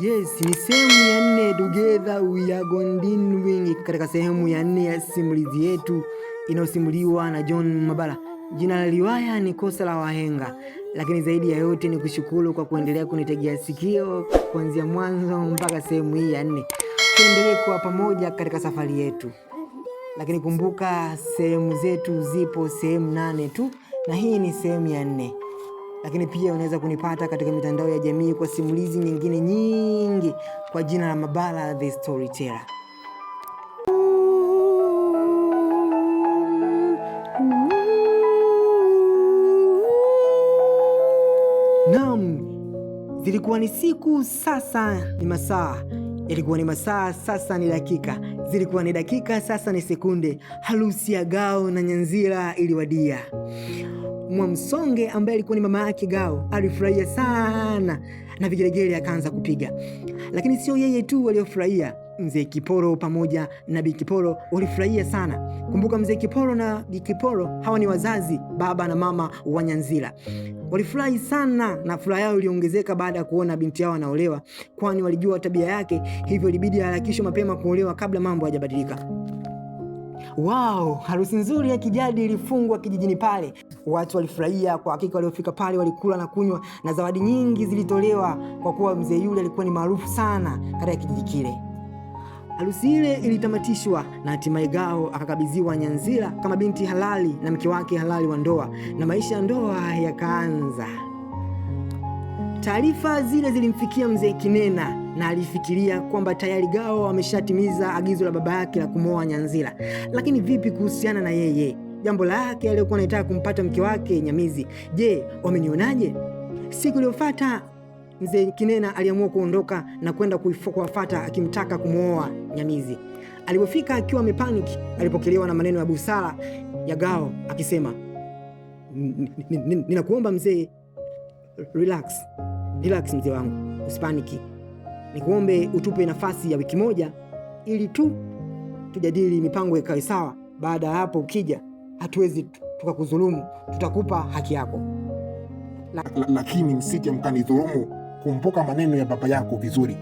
Yes, ni sehemu ya nne together we are wing katika sehemu ya nne ya simulizi yetu inayosimuliwa na John Mabala. Jina la riwaya ni Kosa la Wahenga, lakini zaidi ya yote ni kushukuru kwa kuendelea kunitegea sikio kuanzia mwanzo mpaka sehemu hii ya nne. Tuendelee kuwa pamoja katika safari yetu, lakini kumbuka sehemu zetu zipo sehemu nane tu, na hii ni sehemu ya nne lakini pia unaweza kunipata katika mitandao ya jamii kwa simulizi nyingine nyingi kwa jina la Mabala the Storyteller. Naam, zilikuwa ni siku, sasa ni masaa ilikuwa ni masaa, sasa ni dakika. Zilikuwa ni dakika, sasa ni sekunde. Harusi ya Gao na Nyanzira iliwadia. Mwamsonge ambaye alikuwa ni mama yake Gao alifurahia sana na vigelegele akaanza kupiga, lakini sio yeye tu waliofurahia. Mzee Kiporo pamoja na Bikiporo walifurahia sana. Kumbuka Mzee Kiporo na Bikiporo hawa ni wazazi, baba na mama wa Nyanzira. Walifurahi sana na furaha yao iliongezeka baada ya kuona binti yao anaolewa, kwani walijua tabia yake, hivyo ilibidi aharakishwe mapema kuolewa kabla mambo hayajabadilika. Wow, harusi nzuri ya kijadi ilifungwa kijijini pale. Watu walifurahia kwa hakika, waliofika pale walikula na kunywa, na zawadi nyingi zilitolewa kwa kuwa mzee yule alikuwa ni maarufu sana katika kijiji kile. Harusi ile ilitamatishwa na hatimaye Gao akakabidhiwa Nyanzira kama binti halali na mke wake halali wa ndoa, na maisha ya ndoa yakaanza. Taarifa zile zilimfikia mzee Kinena na alifikiria kwamba tayari gao ameshatimiza agizo la baba yake la kumwoa Nyanzira. Lakini vipi kuhusiana na yeye, jambo lake aliyokuwa anataka kumpata mke wake Nyamizi? Je, wamenionaje? Siku iliyofuata mzee Kinena aliamua kuondoka na kwenda kuwafata akimtaka kumwoa Nyamizi. Alipofika akiwa amepaniki, alipokelewa na maneno ya busara ya Gao akisema, ninakuomba mzee, relax relax mzee wangu, usipaniki nikuombe utupe nafasi ya wiki moja ili tu tujadili mipango ikae sawa. Baada ya hapo ukija, hatuwezi tukakudhulumu, tutakupa haki yako lakini la, msije mkanidhulumu. Kumbuka maneno ya baba yako vizuri.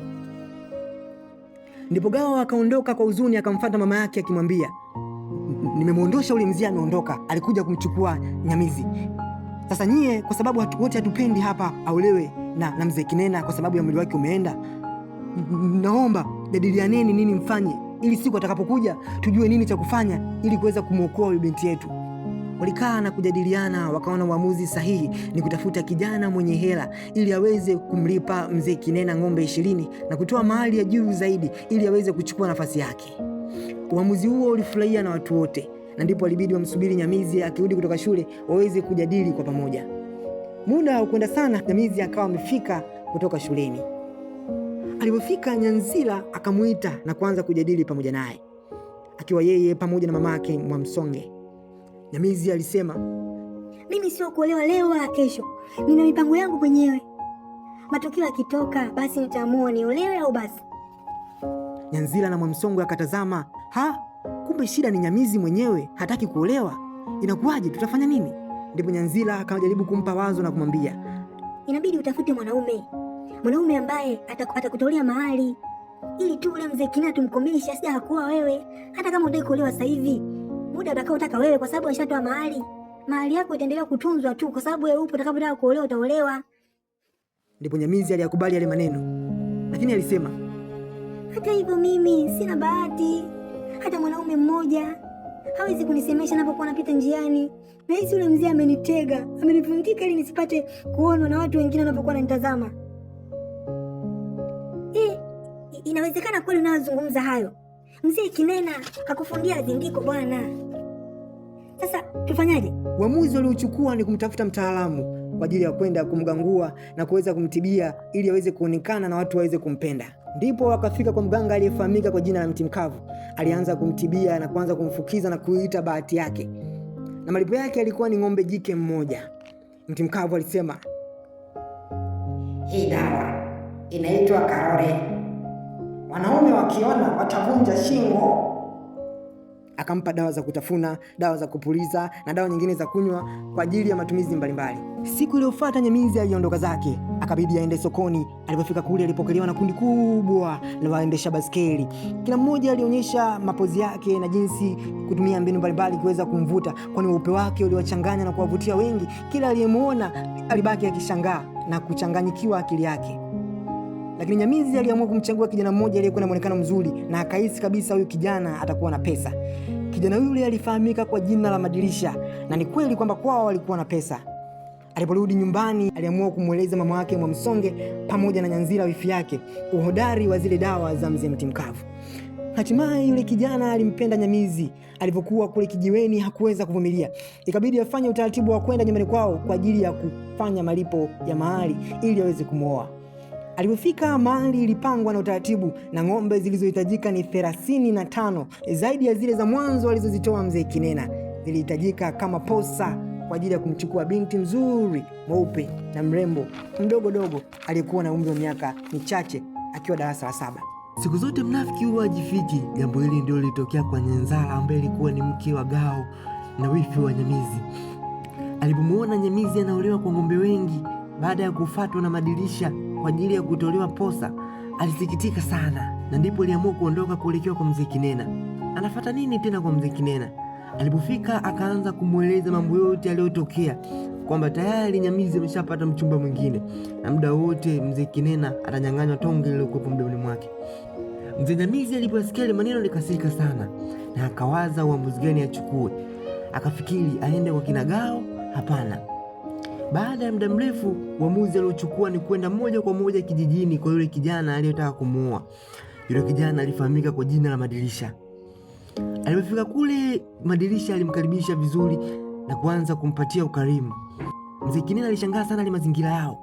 Ndipo Gawa akaondoka kwa huzuni, akamfata mama yake akimwambia, nimemwondosha ule mzee, ameondoka, alikuja kumchukua Nyamizi. Sasa nyie, kwa sababu wote hatupendi hapa aolewe na, na mzee Kinena kwa sababu ya mwili wake umeenda naomba jadilianeni nini mfanye, ili siku atakapokuja tujue nini cha kufanya ili kuweza kumwokoa huyu binti yetu. Walikaa na kujadiliana, wakaona uamuzi sahihi ni kutafuta kijana mwenye hela ili aweze kumlipa mzee Kinena ng'ombe ishirini na kutoa mahali ya juu zaidi ili aweze kuchukua nafasi yake. Uamuzi huo ulifurahia na watu wote, na ndipo alibidi wamsubiri Nyamizi akirudi kutoka shule waweze kujadili kwa pamoja. Muda haukwenda sana, Nyamizi akawa amefika kutoka shuleni. Alipofika nyanzila akamwita na kuanza kujadili pamoja naye, akiwa yeye pamoja na mama yake Mwamsonge. Nyamizi alisema, mimi sio kuolewa leo wala kesho, nina mipango yangu mwenyewe. Matokeo yakitoka, basi nitaamua niolewe au basi. nyanzila na Mwamsonge akatazama, ha, kumbe shida ni Nyamizi mwenyewe, hataki kuolewa. Inakuwaje? tutafanya nini? Ndipo nyanzila akajaribu kumpa wazo na kumwambia, inabidi utafute mwanaume mwanaume ambaye atakutolea mahali ili tu ule mzee Kinana tumkomeshe, asija hakuwa wewe. Hata kama utaki kuolewa sasa hivi, muda utakaotaka wewe, kwa sababu ashatoa mahali, mahali yako itaendelea kutunzwa tu, kwa sababu wewe upo. Utakapotaka kuolewa utaolewa. Ndipo Nyamizi aliyakubali yale maneno, lakini alisema, hata hivyo mimi sina bahati, hata mwanaume mmoja hawezi kunisemesha napokuwa napita njiani, na hisi ule mzee amenitega, amenifunika ili nisipate kuonwa na watu wengine wanapokuwa wananitazama. Inawezekana kweli unayozungumza hayo, mzee Kinena kakufundia zindiko bwana. Sasa tufanyaje? Uamuzi waliochukua ni kumtafuta mtaalamu kwa ajili ya kwenda kumgangua na kuweza kumtibia ili aweze kuonekana na watu waweze kumpenda. Ndipo wakafika kwa mganga aliyefahamika kwa jina la Mti Mkavu. Alianza kumtibia na kuanza kumfukiza na kuita bahati yake, na malipo yake alikuwa ni ng'ombe jike mmoja. Mti Mkavu alisema hii dawa inaitwa karore Wanaume wakiona watavunja shingo. Akampa dawa za kutafuna, dawa za kupuliza na dawa nyingine za kunywa kwa ajili ya matumizi mbalimbali. Siku iliyofuata Nyamizi aliondoka zake, akabidi aende sokoni. Alipofika kule, alipokelewa na kundi kubwa la waendesha baskeli. Kila mmoja alionyesha mapozi yake na jinsi kutumia mbinu mbalimbali kuweza kumvuta, kwani weupe wake uliwachanganya na kuwavutia wengi. Kila aliyemwona alibaki akishangaa na kuchanganyikiwa akili yake lakini Nyamizi aliamua kumchagua kijana mmoja aliyekuwa na muonekano mzuri na akahisi kabisa huyu kijana atakuwa na pesa. Kijana yule alifahamika kwa jina la Madirisha, na ni kweli kwamba kwao walikuwa na pesa. Aliporudi nyumbani, aliamua kumweleza mama yake Mwamsonge pamoja na Nyanzira wifi yake uhodari wa zile dawa za mzee mti mkavu. Hatimaye yule kijana alimpenda Nyamizi. Alivyokuwa kule kijiweni, hakuweza kuvumilia, ikabidi afanye utaratibu wa kwenda nyumbani kwao kwa ajili ya kufanya malipo ya mahari ili aweze kumwoa. Alipofika mahali ilipangwa na utaratibu, na ng'ombe zilizohitajika ni thelathini na tano zaidi ya zile za mwanzo alizozitoa mzee Kinena. Zilihitajika kama posa kwa ajili ya kumchukua binti mzuri mweupe na mrembo mdogo dogo aliyekuwa na umri wa miaka michache akiwa darasa la saba. Siku zote mnafiki huwa ajifiki Jambo hili ndio lilitokea kwa Nyanzala ambaye alikuwa ni mke wa Gao na wifi wa Nyamizi. Alipomwona Nyamizi anaolewa kwa ng'ombe wengi, baada ya kufatwa na madirisha kwa ajili ya kutolewa posa, alisikitika sana, na ndipo aliamua kuondoka kuelekea kwa mzee Kinena. Anafata nini tena kwa mzee Kinena? Alipofika akaanza kumweleza mambo yote yaliyotokea, kwamba tayari Nyamizi ameshapata mchumba mwingine na muda wote mzee Kinena atanyang'anywa tonge lililokuwepo mdomoni mwake. Mzee Nyamizi alipoyasikia ile maneno alikasirika sana, na akawaza uamuzi gani achukue. Akafikiri aende kwa kinagao? Hapana, baada ya muda mrefu, uamuzi aliochukua ni kwenda moja kwa moja kijijini kwa yule kijana aliyetaka kumuoa. Yule kijana alifahamika kwa jina la Madirisha. Alipofika kule, Madirisha alimkaribisha vizuri na kuanza kumpatia ukarimu. Mzee Kinene alishangaa sana ile mazingira yao.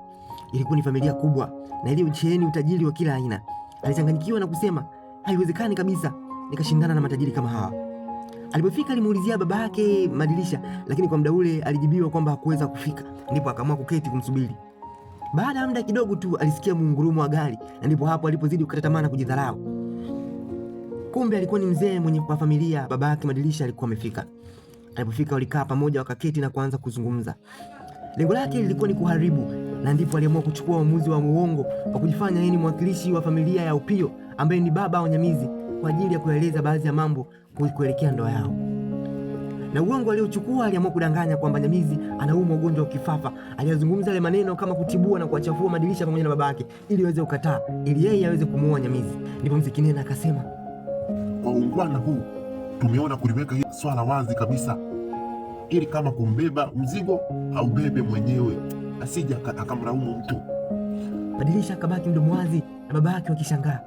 Ilikuwa ni familia kubwa na iliyosheheni utajiri wa kila aina. Alichanganyikiwa na kusema, haiwezekani kabisa nikashindana na matajiri kama hawa. Alipofika alimuulizia baba yake madirisha, lakini kwa muda ule alijibiwa kwamba hakuweza kufika, ndipo akaamua kuketi kumsubiri. Baada ya muda kidogo tu alisikia mungurumo wa gari, na ndipo hapo alipozidi kukata tamaa na kujidharau. Kumbe alikuwa ni mzee mwenye kwa familia, baba yake madirisha alikuwa amefika. Alipofika walikaa pamoja, wakaketi na kuanza kuzungumza. Lengo lake lilikuwa ni kuharibu, na ndipo aliamua kuchukua uamuzi wa muongo wa kujifanya yeye ni mwakilishi wa familia ya Upio ambaye ni baba wa Nyamizi kwa ajili ya kueleza baadhi ya mambo kuelekea ndoa yao, na uongo aliochukua aliamua kudanganya kwamba Nyamizi anaumwa ugonjwa wa kifafa. Aliyazungumza yale maneno kama kutibua na kuwachafua madirisha pamoja na baba yake, ili aweze kukataa, ili yeye aweze kumuoa Nyamizi. Ndipo Mzikinena akasema, kwa ungwana huu tumeona kuliweka hili swala wazi kabisa, ili kama kumbeba mzigo aubebe mwenyewe, asija akamlaumu mtu. Madirisha akabaki mdomo wazi na babake wakishangaa.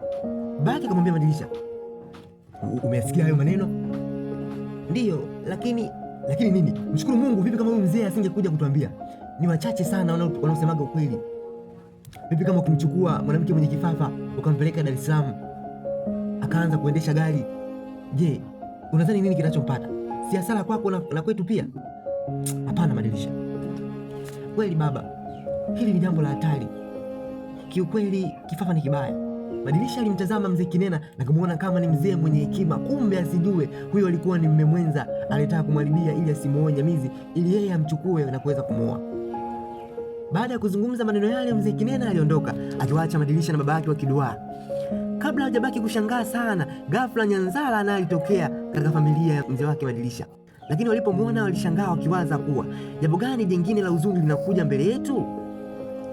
yake akamwambia Madirisha, Umesikia hayo maneno? Ndiyo, lakini lakini nini? Mshukuru Mungu. Vipi kama huyu mzee asingekuja kutuambia? Ni wachache sana wanaosemaga ukweli. Vipi kama ukimchukua mwanamke mwenye kifafa ukampeleka Dar es Salaam akaanza kuendesha gari, je, unadhani nini kinachompata? Si hasara kwako na, na kwetu pia? Hapana Madirisha, kweli baba, hili ni jambo la hatari kiukweli. Kifafa ni kibaya. Madirisha alimtazama mzee Kinena na kumwona kama ni mzee mwenye hekima, kumbe asijue huyo alikuwa ni mme mwenza alitaka kumharibia ili asimuoe Nyamizi ili yeye amchukue na kuweza kumuoa. Baada ya kuzungumza maneno yale, mzee Kinena aliondoka akiwaacha madirisha na baba yake wakiduaa. Kabla hajabaki kushangaa sana, ghafla Nyanzala naye alitokea katika familia ya mzee wake Madirisha, lakini walipomwona walishangaa wakiwaza kuwa jambo gani jingine la uzuri linakuja mbele yetu.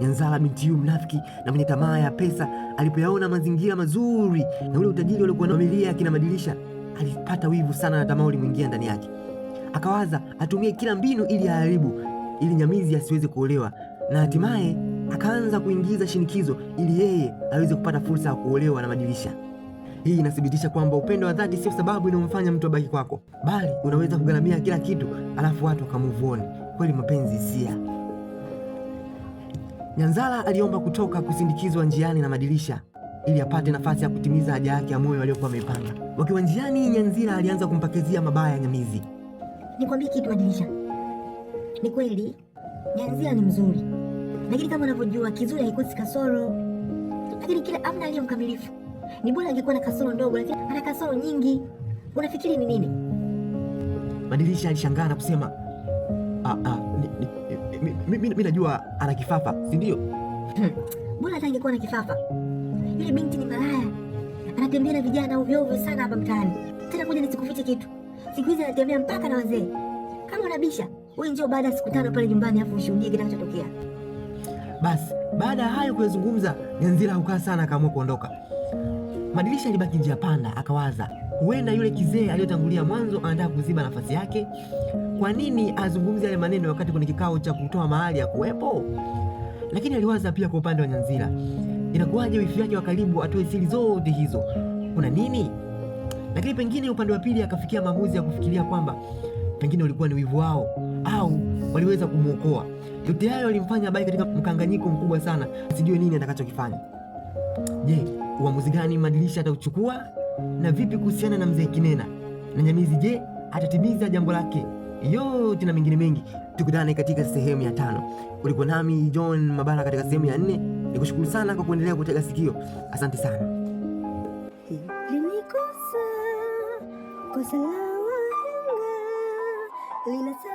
Nyanzala binti huyu mnafiki na mwenye tamaa ya pesa alipoyaona mazingira mazuri na ule utajiri waliokuwa na familia yake inabadilisha, alipata wivu sana na tamaa ulimwingia ndani yake. Akawaza atumie kila mbinu ili aharibu, ili Nyamizi asiweze kuolewa, na hatimaye akaanza kuingiza shinikizo ili yeye aweze kupata fursa ya kuolewa na Madilisha. Hii inathibitisha kwamba upendo wa dhati sio sababu inayomfanya mtu abaki kwako, bali unaweza kugharamia kila kitu alafu watu wakamuvuoni. Kweli mapenzi sia Nyanzala aliomba kutoka kusindikizwa njiani na madirisha ili apate nafasi ya kutimiza haja yake ya moyo aliyokuwa amepanga Wakiwa njiani, Nyanzira alianza kumpakezia mabaya ya Nyamizi. Nikwambie kitu Madirisha, ni kweli Nyanzira ni mzuri, lakini kama unavyojua kizuri haikosi kasoro, lakini kila amna aliyo mkamilifu. Ni bora angekuwa na kasoro ndogo, lakini ana kasoro nyingi. Unafikiri ni nini? Madirisha alishangaa na kusema ah, ah mimi najua ana kifafa, si ndio? Hmm. Mbona hata angekuwa na kifafa. Yule binti ni malaya, anatembea na vijana ovyo ovyo sana hapa mtaani. Tena kuja nisikufiche kitu, siku hizi anatembea mpaka na wazee. Kama unabisha wewe, njoo baada ya siku tano pale nyumbani, afu ushuhudie kinachotokea. Basi baada ya hayo kuyazungumza, Nyanzira hukaa sana, akaamua kuondoka. Madirisha alibaki njia panda, akawaza Huenda yule kizee aliyotangulia mwanzo anataka kuziba nafasi yake. Kwa nini azungumze yale maneno wakati kwenye kikao cha kutoa mahali ya kuwepo? Lakini aliwaza pia kwa upande wa Nyanzira, inakuwaje wifi yake wa karibu atoe siri zote hizo? Kuna nini? Lakini pengine upande wa pili akafikia maamuzi ya kufikiria kwamba pengine ulikuwa ni wivu wao au waliweza kumwokoa. Yote hayo alimfanya abaki katika mkanganyiko mkubwa sana, asijue nini atakachokifanya. Je, uamuzi gani madirisha atauchukua? Na vipi kuhusiana na mzee Kinena na Nyamizi? Je, atatimiza jambo lake yote na mengine mengi? Tukutane katika sehemu ya tano. Ulikuwa nami John Mabala katika sehemu ya nne. Nikushukuru sana kwa kuendelea kutega sikio. Asante sana. Kosa, la wahenga